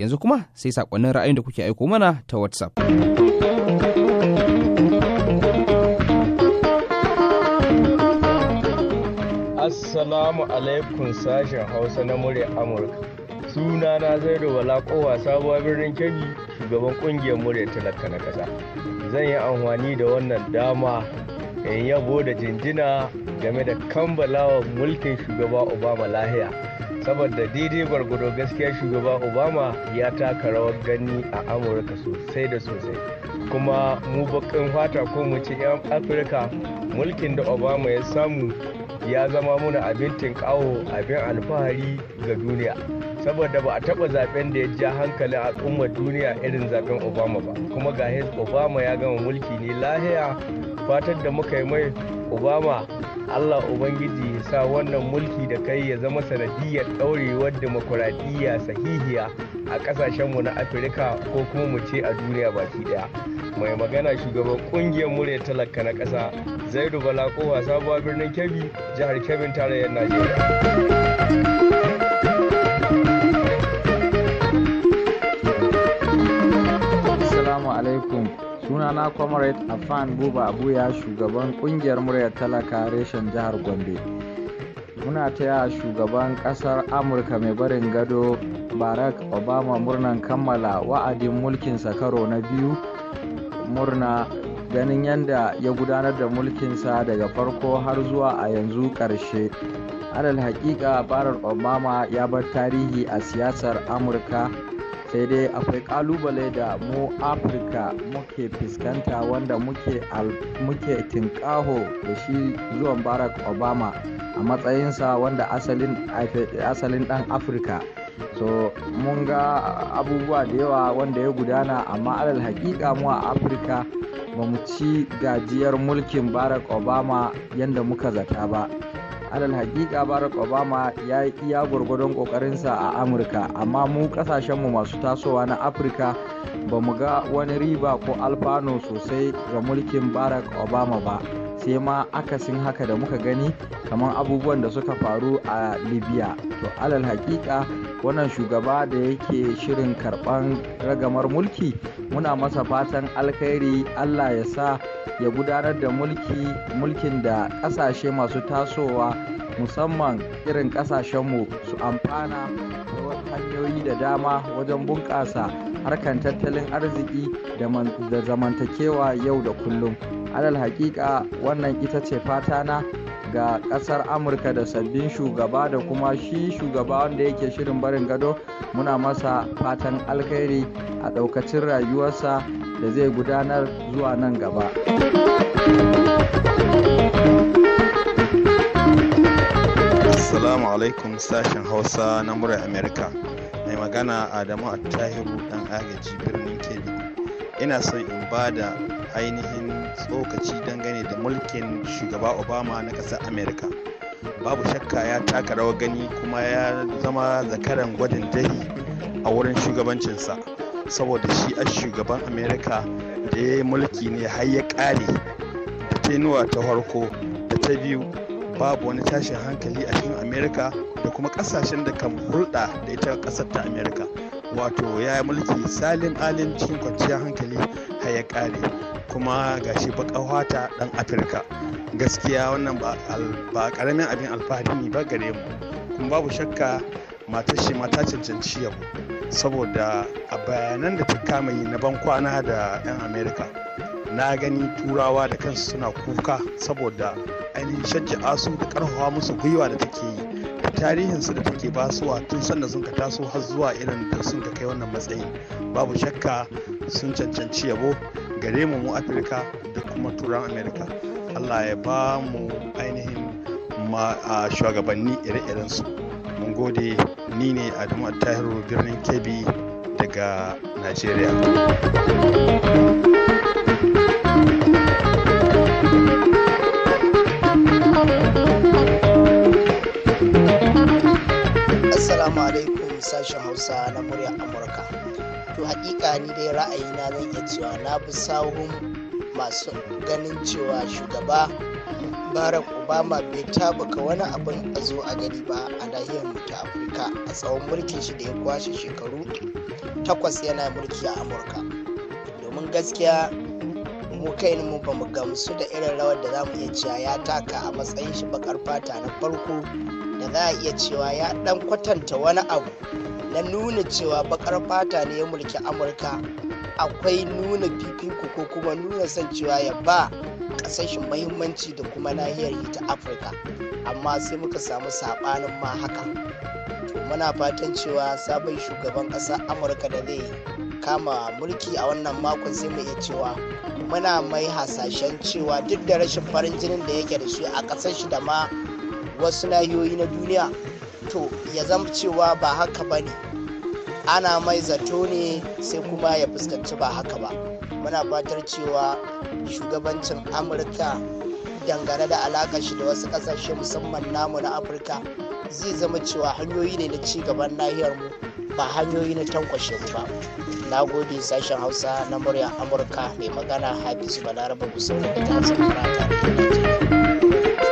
Yanzu kuma sai saƙonnin ra'ayin da kuke aiko mana ta WhatsApp. Assalamu alaikum sashen Hausa na murya Amurka. Suna na zai da kowa sabuwar birnin Kebbi shugaban kungiyar murya talaka na ƙasa. Zan yi amfani da wannan dama in yabo da jinjina game da kambalawa mulkin shugaba obama lahiya saboda daidai gwargwado gaskiya shugaba obama ya taka rawar gani a amurka sosai da sosai kuma mu bakin fata ko mu ce 'yan afirka mulkin da obama ya samu ya zama muna abin tinkawo abin alfahari ga duniya saboda ba a taba zaben da ya ja hankalin al'ummar duniya irin zaben obama ba kuma ga obama ya gama mulki ne lahiya fatar da muka yi mai obama allah ubangiji ya sa wannan mulki da kai ya zama sanadiyar ɗaurewar demokuraɗiyya sahihiya a ƙasashenmu na afirka ko kuma mu ce a duniya baki ɗaya mai magana shugaban ƙungiyar murya talaka na ƙasa zaidu bala kowa sabuwa birnin kebbi jihar kebin tarayyar najeriya sunana comrade afan buba abuya shugaban kungiyar muryar talaka reshen jihar gombe muna taya shugaban kasar amurka mai barin gado barack obama murnan kammala wa'adin mulkinsa karo na biyu murna ganin yadda ya gudanar da mulkinsa daga farko har zuwa a yanzu karshe.. alal hakika barar obama ya bar tarihi a siyasar amurka sai dai akwai kalubale da mu afirka muke fuskanta wanda muke muke tinkaho da shi zuwan barack obama a matsayinsa wanda asalin dan afirka so mun ga abubuwa da yawa wanda ya gudana amma alal hakika mu a afirka ba mu ci gajiyar mulkin barack obama yadda muka zata ba alal hakika barack obama ya yi iya gwargwadon kokarinsa a amurka amma mu kasashenmu masu tasowa na afirka ba mu ga wani riba ko alfano sosai ga mulkin barack obama ba sai ma akasin haka da muka gani kamar abubuwan da suka faru a libya to alal hakika wannan shugaba da yake shirin karban ragamar mulki muna masa fatan alkhairi allah ya sa ya gudanar da mulki mulkin da kasashe masu tasowa musamman irin kasashenmu su amfana da hanyoyi da dama wajen bunƙasa harkan tattalin arziki da zamantakewa yau da kullum alal hakika wannan ita ce fata na ga kasar amurka da sabbin shugaba da kuma shi shugaba wanda yake shirin barin gado muna masa fatan alkhairi a daukacin rayuwarsa da zai gudanar zuwa nan gaba assalamu alaikum sashen hausa na murar amerika mai magana adamu a tahiru dan agaji birnin kebbi ina son in ba da ainihin tsokaci dangane da mulkin shugaba obama na ƙasar america babu shakka ya taka rawar gani kuma ya zama zakaran gwajin dahi a wurin shugabancinsa saboda shi a shugaban america da ya yi mulki ne har ya ƙare da tenuwa ta harko da ta biyu babu wani tashin hankali a cikin america da kuma ƙasashen da kan hulɗa da ita ƙasar ta america wato ya yi mulki salim alin cikin kwanciyar hankali har ya kare kuma gashi baka wata dan afirka gaskiya wannan ba karamin abin alfahari ne ba gare mu kuma babu shakka mata shi mata cancanci yabo saboda a bayanan da ta kama yi na ban kwana da 'yan amerika na gani turawa da kansu suna kuka saboda ainihin shajja'a su da karfafa musu gwiwa da take yi tarihin su da take basuwa tun sanda sun ka taso har zuwa irin da sun ka kai wannan matsayi babu shakka sun cancanci yabo gare mu mu afirka da kuma turan amerika allah ya ba mu ainihin shugabanni ire-irensu mun gode ni ne adamu tahiru birnin kebbi daga nigeria sashen hausa na murya amurka to hakika ni dai ra'ayina zan iya cewa na fi sahun masu ganin cewa shugaba barack obama bai tabuka wani abin a zo a gani ba a nahiyar ta afirka a tsawon mulkin shi da ya kwashe shekaru takwas yana mulki a amurka domin gaskiya mu kai mu ba mu gamsu da irin rawar da za mu iya cewa ya taka a matsayin shi bakar fata na farko da za a iya cewa ya dan kwatanta wani abu na nuna cewa bakar fata ne ya mulki amurka akwai nuna fifiko ko kuma nuna son cewa ya ba kasashen mahimmanci da kuma nahiyar ta afirka amma sai muka samu sabanin ma haka muna fatan cewa sabon shugaban ƙasar amurka da zai kama mulki a wannan makon sai mu iya cewa muna mai hasashen cewa duk da rashin farin jinin da yake da shi a ƙasashe da ma wasu nahiyoyi na duniya to ya zama cewa ba haka ba ne ana mai zato ne sai kuma ya fuskanci ba haka ba muna fatar cewa shugabancin amurka dangane da alaka shi da wasu kasashe musamman namu na afirka zai zama cewa hanyoyi ne na ci gaban nahiyar mu ba hanyoyi na tankwashe mu ba na gode sashen hausa na murya amurka mai magana hafizu balaraba musamman da ta